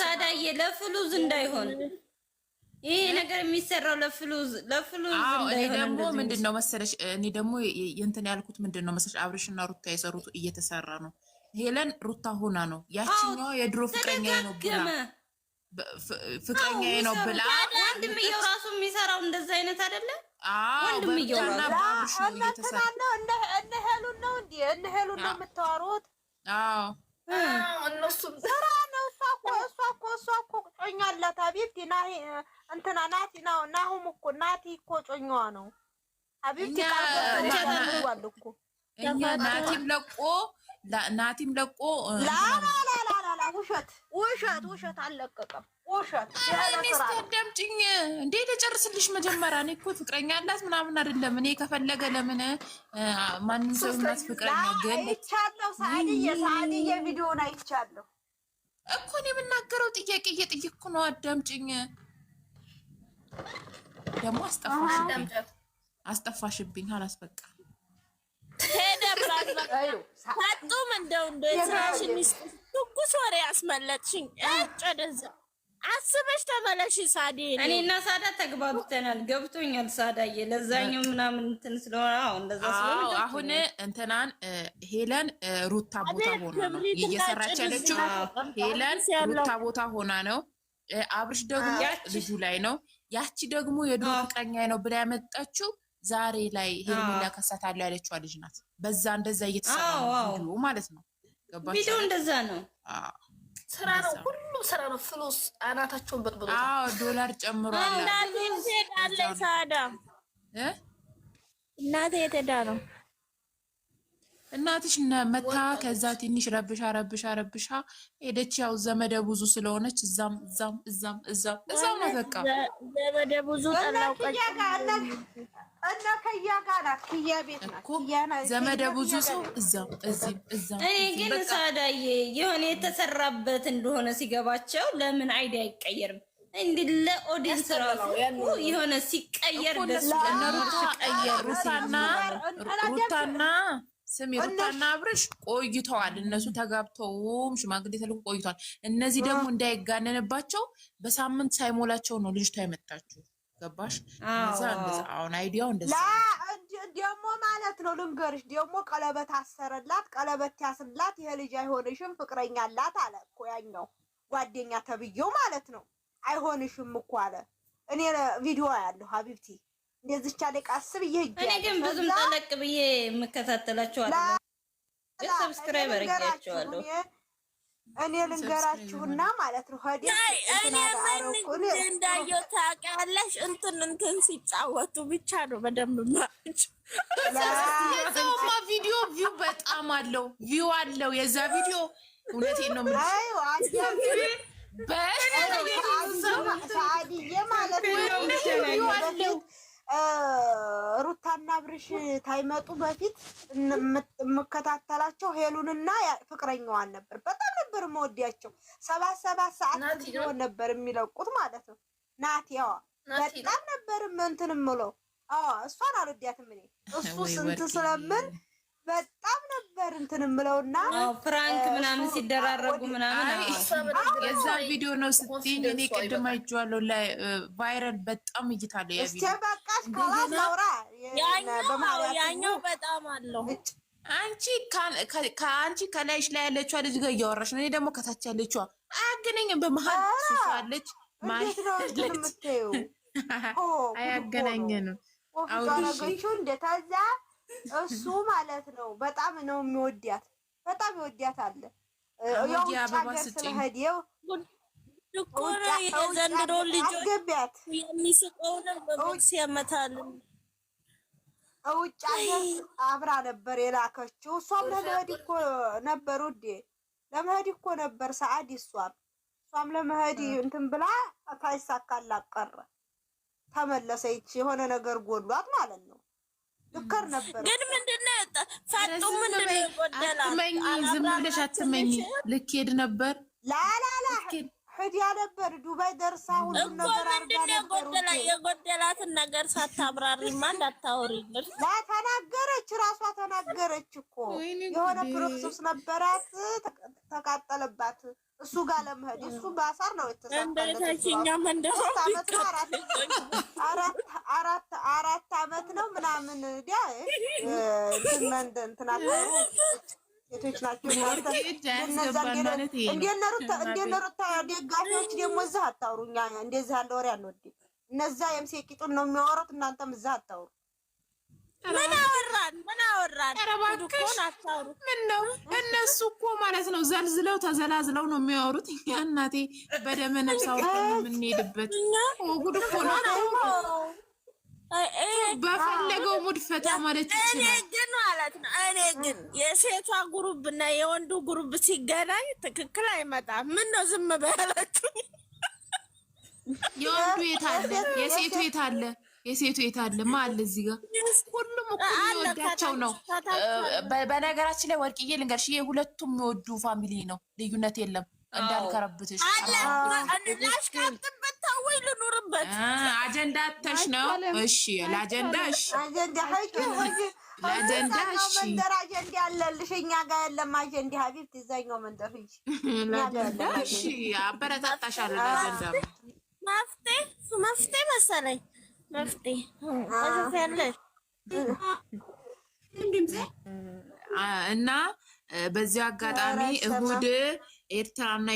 ሳዳዬ ለፍሉዝ እንዳይሆን ይሄ ነገር የሚሰራው ለፍሉዝ ለፍሉዝ እንዳይሆን። እኔ ደግሞ ምንድን ነው መሰለሽ፣ እኔ ደግሞ የእንትን ያልኩት ምንድን ነው መሰለሽ፣ አብርሽና ሩታ የሰሩት እየተሰራ ነው። ሄለን ሩታ ሆና ነው ያችኛው የድሮ ፍቅረኛ ነው ብላ ፍቅረኛ ነው ብላ ወንድምየው ራሱ የሚሰራው እንደዛ አይነት አይደለም። ወንድምየው እነ ሄሉን ነው እንደ እነ ሄሉን ነው የምታወሩት እነሱም እሷ እኮ እሷ እኮ ጮኛ አላት። ሀቢብቲ ና እንትና ናቲ ነው ናሁም እኮ ናቲ እኮ ጮኛዋ ነው። ሀቢብቲ ካልጓል እኮ እኛ ናቲም ለቆ ናቲም ለቆ ላላላላላ ውሸት ውሸት ውሸት አልለቀቀም። ውሸት ሚስት እንዴ ልጨርስልሽ መጀመሪያ። እኔ እኮ ፍቅረኛ አላት ምናምን አይደለም። እኔ ከፈለገ ለምን ማንም ሰው ፍቅረኛ ግን አይቻለሁ። ቪዲዮን አይቻለሁ እኮ እኔ የምናገረው ጥያቄ እየጠየቅኩ ነው። አዳምጭኝ። ደግሞ አስጠፋሽብኝ። ሀላስ በቃ ሄደብራቱም እንደው እንደ ትንሽ ሚስጥር ትኩስ ወሬ ያስመለጥሽኝ ጨደዛ አስበሽ ተመለሽ ሳዴ። እኔ እና ሳዳ ተግባብተናል፣ ገብቶኛል። ሳዳዬ ለዛኛው ምናምን እንትን ስለሆነ አሁን እንደዛ ስለሆነ አሁን እንትናን ሄለን ሩታ ቦታ ሆና ነው እየሰራች ያለችው። ሄለን ሩታ ቦታ ሆና ነው። አብርሽ ደግሞ ልጁ ላይ ነው። ያቺ ደግሞ የድሮ ፍቅረኛ ነው ብላ ያመጣችው ዛሬ ላይ ሄርሜላ ከሳታለሁ ያለችዋ ልጅ ናት። በዛ እንደዛ እየተሰራ ነው ማለት ነው። ገባችሁ? ቪዲዮ እንደዛ ነው። ስራ ነው፣ ሁሉም ስራ ነው። ፍሎስ አናታቸውን በጥብጦ ዶላር ጨምሯል። እናቴ የተዳ ነው እናትሽ መታ ከዛ ትንሽ ረብሻ ረብሻ ረብሻ ሄደች። ያው ዘመደ ብዙ ስለሆነች እዛም እዛም እዛም እዛም እዛም ነው በቃ ዘመደ ብዙ ጠላውቀ እና ከያ ጋር ናት። ቤት ናት። ዘመደ ብዙ ሰው እኔ ግን ሳዳዬ የሆነ የተሰራበት እንደሆነ ሲገባቸው ለምን አይዲ አይቀየርም? እንዲህ ለኦዲየንስ ራሱ የሆነ ሲቀየር ደስ ሩታና ስሚ ሩታና አብርሽ ቆይተዋል። እነሱ ተጋብተውም ሽማግሌ ተልኮ ቆይተዋል። እነዚህ ደግሞ እንዳይጋነንባቸው በሳምንት ሳይሞላቸው ነው ልጅቷ የመጣችው። ገባሽ? አሁን አይዲያው እንደዛ ደግሞ ማለት ነው። ልንገርሽ ደግሞ ቀለበት አሰረላት፣ ቀለበት ያስላት። ይሄ ልጅ አይሆንሽም ፍቅረኛላት አለ እኮ ያኛው ጓደኛ ተብዬው ማለት ነው። አይሆንሽም እኮ አለ። እኔ ቪዲዮ ያለሁ ሀቢብቲ እንደዚህ ቻለ ቃስብ እየ እኔ ግን ብዙም ጠለቅ ብዬ የምከታተላቸው አለ ሰብስክራይበር እያቸዋለሁ እኔ ልንገራችሁና ማለት ነው እኔ እንዳየው ታውቂያለሽ፣ እንትን እንትን ሲጫወቱ ብቻ ነው በደንብ ማቸውማ ቪዲዮ ቪው በጣም አለው ቪው አለው የዛ ቪዲዮ እውነቴን ነው ሰአድዬ ማለት ሩታና ብርሽ ታይመጡ በፊት የምከታተላቸው ሄሉንና ፍቅረኛዋን ነበር በጣም ነበር መወዲያቸው። ሰባት ሰባት ሰዓት ሲሆን ነበር የሚለቁት ማለት ነው። ናቲ ያዋ በጣም ነበር እንትን የምለው እሷን አልወዲያትም እኔ እሱ ስንት ስለምን በጣም ነበር እንትን እና ፍራንክ ምናምን ሲደራረጉ ምናምን የዛ ቪዲዮ ነው ስትይኝ እኔ ቅድም አይቼዋለሁ። ላይ ቫይረል በጣም እይታ አለው። ያ ቪዲዮ በቃሽ ካላስ አውራ ያኛው በጣም አለው አንቺ ከአንቺ ከላይሽ ላይ ያለችዋ ልጅ ጋር እያወራሽ ነው። እኔ ደግሞ ከታች ያለችዋ አያገናኝም። በመሀል ሱሷለች አያገናኘንም። አውጋገኝሽው እንደታዛ እሱ ማለት ነው። በጣም ነው የሚወዳት፣ በጣም ይወዳት አለ ያው እኮ የዘንድሮ ልጆች የሚስቀውንም በቦክስ ያመታል። እውጭ አብራ ነበር የላከችው። እሷም ለመሄድ እኮ ነበር ውዴ፣ ለመሄድ እኮ ነበር ሰዓድ። እሷም እሷም ለመሄድ እንትን ብላ ታይሳካላት ቀረ። ተመለሰች። የሆነ ነገር ጎሏት ማለት ነው። ልከር ነበር ግን ምንድነው ፋጡ ምንድነው ይጎደላል። አትመኝ፣ ዝም ብለሽ አትመኝ። ልኬድ ነበር ላላላ ሄዳ ነበር ዱባይ ደርሳ ሁሉ ነገር አድርጋ ነበር። የጎደላትን ነገር ሳታብራሪማ እንዳታወሪኝ። ተናገረች፣ ራሷ ተናገረች እኮ የሆነ ፕሮክሶስ ነበራት ተቃጠለባት። እሱ ጋር ለመሄድ እሱ በአሳር ነው የተሳአራት አራት አራት አመት ነው ምናምን ዲያ እንትን ሴቶች ናቸው። እንደነ ሩታ ደጋፊዎች ደግሞ እዛ አታውሩ። እኛ እንደዚህ ያለ ወሬ አንወድም። እነዛ የምሴ ቂጡን ነው የሚያወሩት። እናንተም እዛ አታውሩ። ምን አወራን? ምን አወራን? እባክሽ ምን ነው እነሱ እኮ ማለት ነው ዘልዝለው ተዘላዝለው ነው የሚያወሩት። እኛ እናቴ በደመ ነብስ አውርተን የምንሄድበት ጉድ እኮ ነው። በፈለገው ሙድ ፈታ ማለት ይችላል። እኔ ግን ማለት ነው እኔ ግን የሴቷ ጉሩብ እና የወንዱ ጉሩብ ሲገናኝ ትክክል አይመጣም። ምን ነው ዝም በያላችሁ? የወንዱ የት አለ? የሴቱ የት አለ? የሴቱ የት አለ? ማለ እዚህ ጋር ሁሉም እኮ የሚወዳቸው ነው። በነገራችን ላይ ወርቅዬ ልንገርሽ፣ ይሄ ሁለቱም የሚወዱ ፋሚሊ ነው። ልዩነት የለም። እንዳልከረብትሽ አለ ልኑርበት። አጀንዳ ተሽ ነው። እሺ ለአጀንዳ እሺ፣ ለአጀንዳ እሺ። መንደር አጀንዳ ያለልሽ እኛ ጋር ያለም አጀንዳ ሀቢብ ትዛኛው መንደር እንጂ እሺ፣ አበረታታሻለሁ። ለአጀንዳ መፍቴ መፍቴ መሰለኝ መፍቴ ያለሽ እና በዚህ አጋጣሚ እሁድ ኤርትራና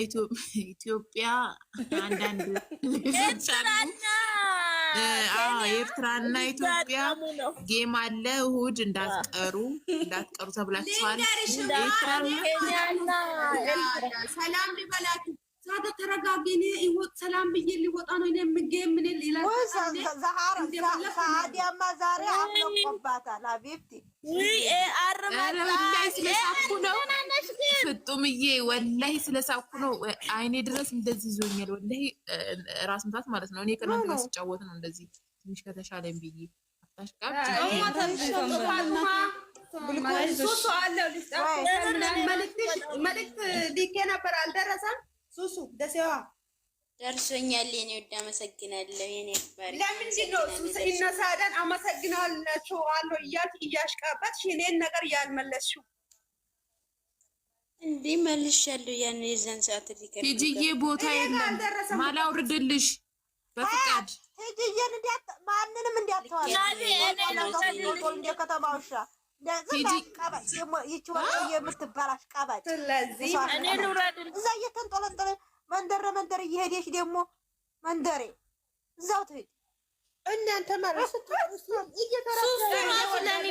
ኢትዮጵያ አንዳንድ ኤርትራና ኢትዮጵያ ጌም አለ። እሁድ እንዳትቀሩ እንዳትቀሩ ተብላችኋል። ሰላም ሊበላችሁ ሰላም ብዬ ሊወጣ ነው። እኔ ምን ይላል ዛሬ ፍጡምዬ ወላሂ ስለሳኩ ነው አይኔ ድረስ እንደዚህ ይዞኛል። ወላሂ ራስ ምታት ማለት ነው። እኔ ከእናንተ ጋር ስጫወት ነው እንደዚህ ትንሽ ከተሻለን ብዬ መልዕክት ልኬ ነበር አልደረሰም። ሱሱ ደሴዋ ደርሶኛል። የኔ ወደ አመሰግናለሁ። የኔ ባሪ ለምንድን ነው ሱስ እነሳደን አመሰግናለሁ አለው እያልሽ እያሽቃበት ሽኔን ነገር ያልመለስሽው እንዴ መልሻለሁ። ያን የዛን ሰዓት ሊከፍ ሂጂዬ፣ ቦታ የለም ማላውርድልሽ በፍቃድ ሂጂዬን እንዲያት ማንንም እንዲያተዋል እንደ ከተማ ውሻ ይቺ የምትባል አሽቃባጭ። ስለዚህ እዛ እየተንጠለንጠለ መንደረ መንደር እየሄደሽ ደግሞ መንደሬ እዛው ትሄድ እናንተ ማለት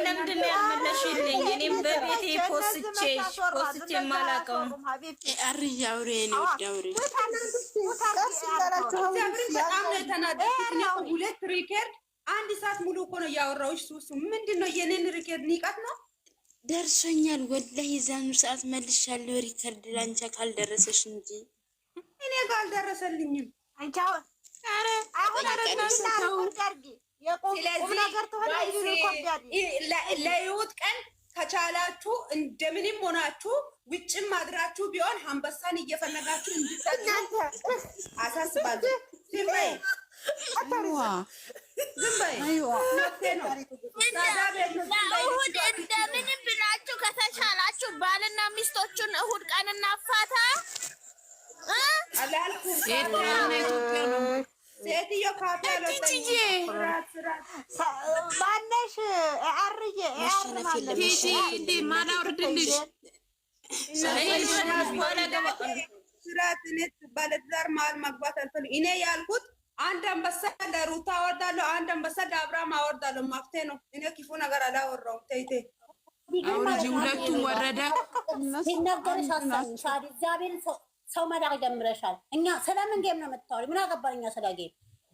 ለምንድን ነው ያመለሽልኝ? እኔም በቤቴ ፖስቼ ፖስቼ የማላውቀውን አርዬ አውሪ የእኔ ወደ አውሪ በጣም ነው የተናደድኩት። ሁለት ሪከርድ አንድ ሰዓት ሙሉ እኮ ነው እያወራሁሽ። ሱሱ ምንድን ነው ሪከርድ ንቀት ነው ደርሶኛል። ወላሂ የዛኑ ሰዓት መልሻለሁ ሪከርድ ላንቺ ካልደረሰሽ እንጂ እኔ ጋር አልደረሰልኝም። ለይሁት ቀን ከቻላችሁ እንደምንም ሆናችሁ ውጭም አድራችሁ ቢሆን አንበሳን እየፈለጋችሁ እንዲሰጡ አሳስባለሁ። እሁድ እንደምንም ብላችሁ ከተቻላችሁ ባልና ሚስቶቹን እሁድ ቀን እናፋታ። ማነሽ? አርዬ ማላውርድልሽ ባለትዳር እኔ ያልኩት አንድ አንበሳ ለሩታ አወርዳለሁ፣ አንድ አንበሳ ለአብርሃም አወርዳለሁ። ማፍቴ ነው። እኔ ክፉ ነገር አላወራሁም። ተይቴ አውርጂ። ሁለቱም ወረደ ሲነገርሽ ሰው መዳቅ ጀምረሻል። እኛ ስለምን ጌም ነው የምታወሪ? ምን አገባን እኛ ስለ ጌም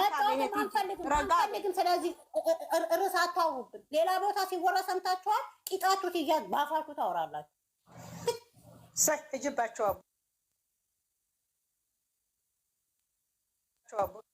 አንፈልግም። ስለዚህ ርዕስ አታውሩብን። ሌላ ቦታ ሲወራ ሰምታችኋል። ቂጣችሁ ትያዝ፣ በአፋችሁ ታወራላችሁ። ሰይ እጅባቸው